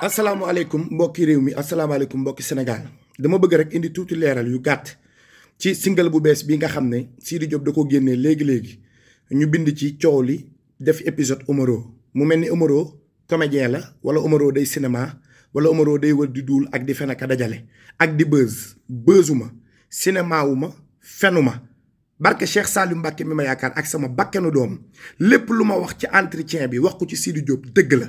asalaamaaleykum mbokki réew mi asalaamaaleykum mbokki Sénégal dama bëgg rek indi tuuti leeral yu gàtt ci single bu bees bi nga xam ne Sidi Diop da ko génnee léegi léegi ñu bind ci coow li def épisode Omaro mu mel ni Omaro comédien la wala Omaro day cinéma wala Omaro day wër di duul ak di fen ak dajale ak di buzz buzzuma cinéma fenuma barke Cheikh Saliou Mbacke mi ma yaakaar ak sama bakkanu doom lépp lu ma wax ci entretien bi wax ko ci Sidi Diop dëgg la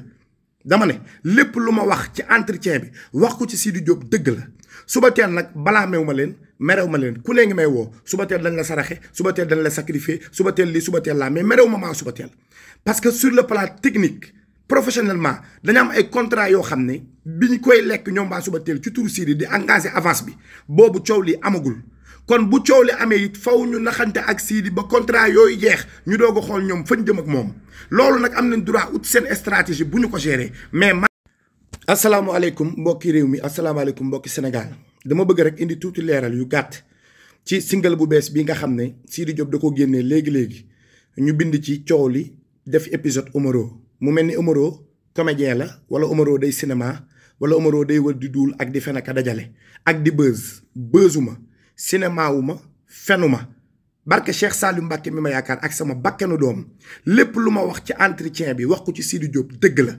dama ne lépp lu ma wax ci entretien bi wax ko ci Sidi Diop dëgg la suba teel nag balaa meew ma leen merew ma leen ku ne ngi may woo suba teel dañ la saraxe suba teel dañ la sacrifier suba teel li suba teel laa mais merew ma maa suba teel parce que sur le plan technique professionnellement dañu am ay contrat yoo xam ni bi ñu koy lekk ñoom waa suba teel ci turu Sidi di engagé avance bi boobu coow li amagul kon bu coow li amee it faw ñu naxante ak Sidi ba contrat yooyu jeex ñu doog a xool ñoom fañ jëm ak moom loolu nag am nañ droit ut seen stratégie bu ñu ko gérer mais. asalaamaaleykum mbokki réew mi asalaamaaleykum mbokki Sénégal dama bëgg rek indi tuuti leeral yu gàtt ci single bu bees bi nga xam ne Sidi Diop da ko génnee léegi léegi ñu bind ci coow li def épisode Omaro mu mel ni Omaro comédien la wala Omaro day cinéma wala Omaro day wër di duul ak di fen dajale ak di buzz buzzuma. cinéma wu ma fenu ma barke Cheikh Saliou Mbacké mi ma yaakaar ak sama bakkanu doom lépp lu ma wax ci entretien bi wax ko ci Sidi Diop dëgg la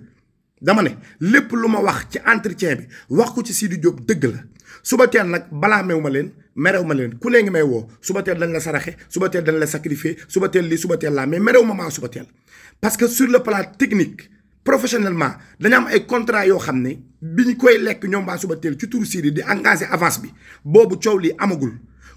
dama lépp lu ma wax ci entretien bi wax ko ci Sidi Diop dëgg la suba teel nag balaa mew ma leen merew ma leen ku ne ngi may woo suba teel dañ la saraxe suba teel dañ la sacrifier suba teel lii suba teel laa mais merew ma maa suba teel parce que sur le plan technique professionnellement dañu am ay contrat yoo xam ne bi ñu koy lekk ñoom waa suba teel ci turu Siri di engagé avance bi boobu coow lii amagul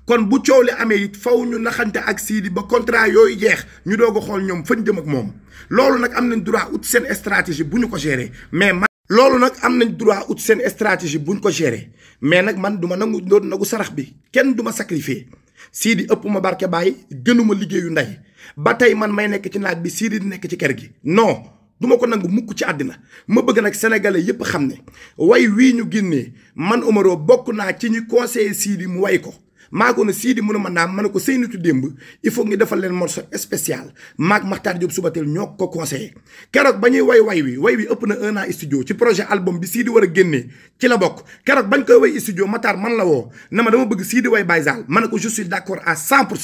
kon bu coow li amee it faw ñu naxante ak Sidi ba contrat yooyu jeex ñu doog a xool ñoom fañ jëm ak moom loolu nag am nañ droit ut seen stratégie bu ñu ko gérer mais man. loolu nag am nañ droit ut seen stratégie bu ñu ko gérer mais nag man du ma nangu doon nagu sarax bi kenn du ma sacrifier Sidi ëpp ma barke bàyyi gënuma liggéeyu ndey ba tey man may nekk ci naaj bi Sidi nekk ci kër gi non. du ma ko nangu mukk ci àddina ma bëgg nag sénégalais yépp xam ne way wii ñu génnee man Omaro bokk naa ci ñu conseiller Sidi mu way ko maa ko ne Sidi mu ne ma naam ma ne ko Seynatu démb il faut ngi defal leen morceau spécial maag Makhtar Diop Subatel ñoo ko conseillé keroog ba ñuy way way wi way wi ëpp na un an studio ci projet album bi Sidi war a génnee ci la bokk keroog bañ koy way studio Matar man la woo na ma dama bëgg Sidi way Baye Zall ma ne ko je suis à cent pour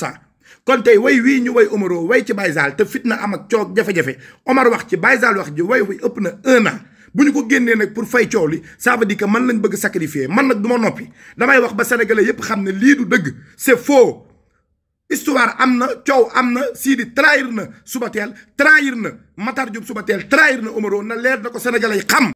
kon tey way wii ñu way Omaro way ci Baye Zale te fitna am ak coow jafe-jafe Omar wax ci Baye Zale wax ji way way ëpp na un an bu ñu ko génnee nag pour fay coow li ça veut dire man lañ bëgg sacrifier man nag du ma noppi damay wax ba sénégalais yépp xam ne lii du dëgg c'est faux histoire am na coow am na Sidi trahir na suba Soubatel trahir na Matar Diop Soubatel trahir na Omaro na leer na ko sénégalais yi xam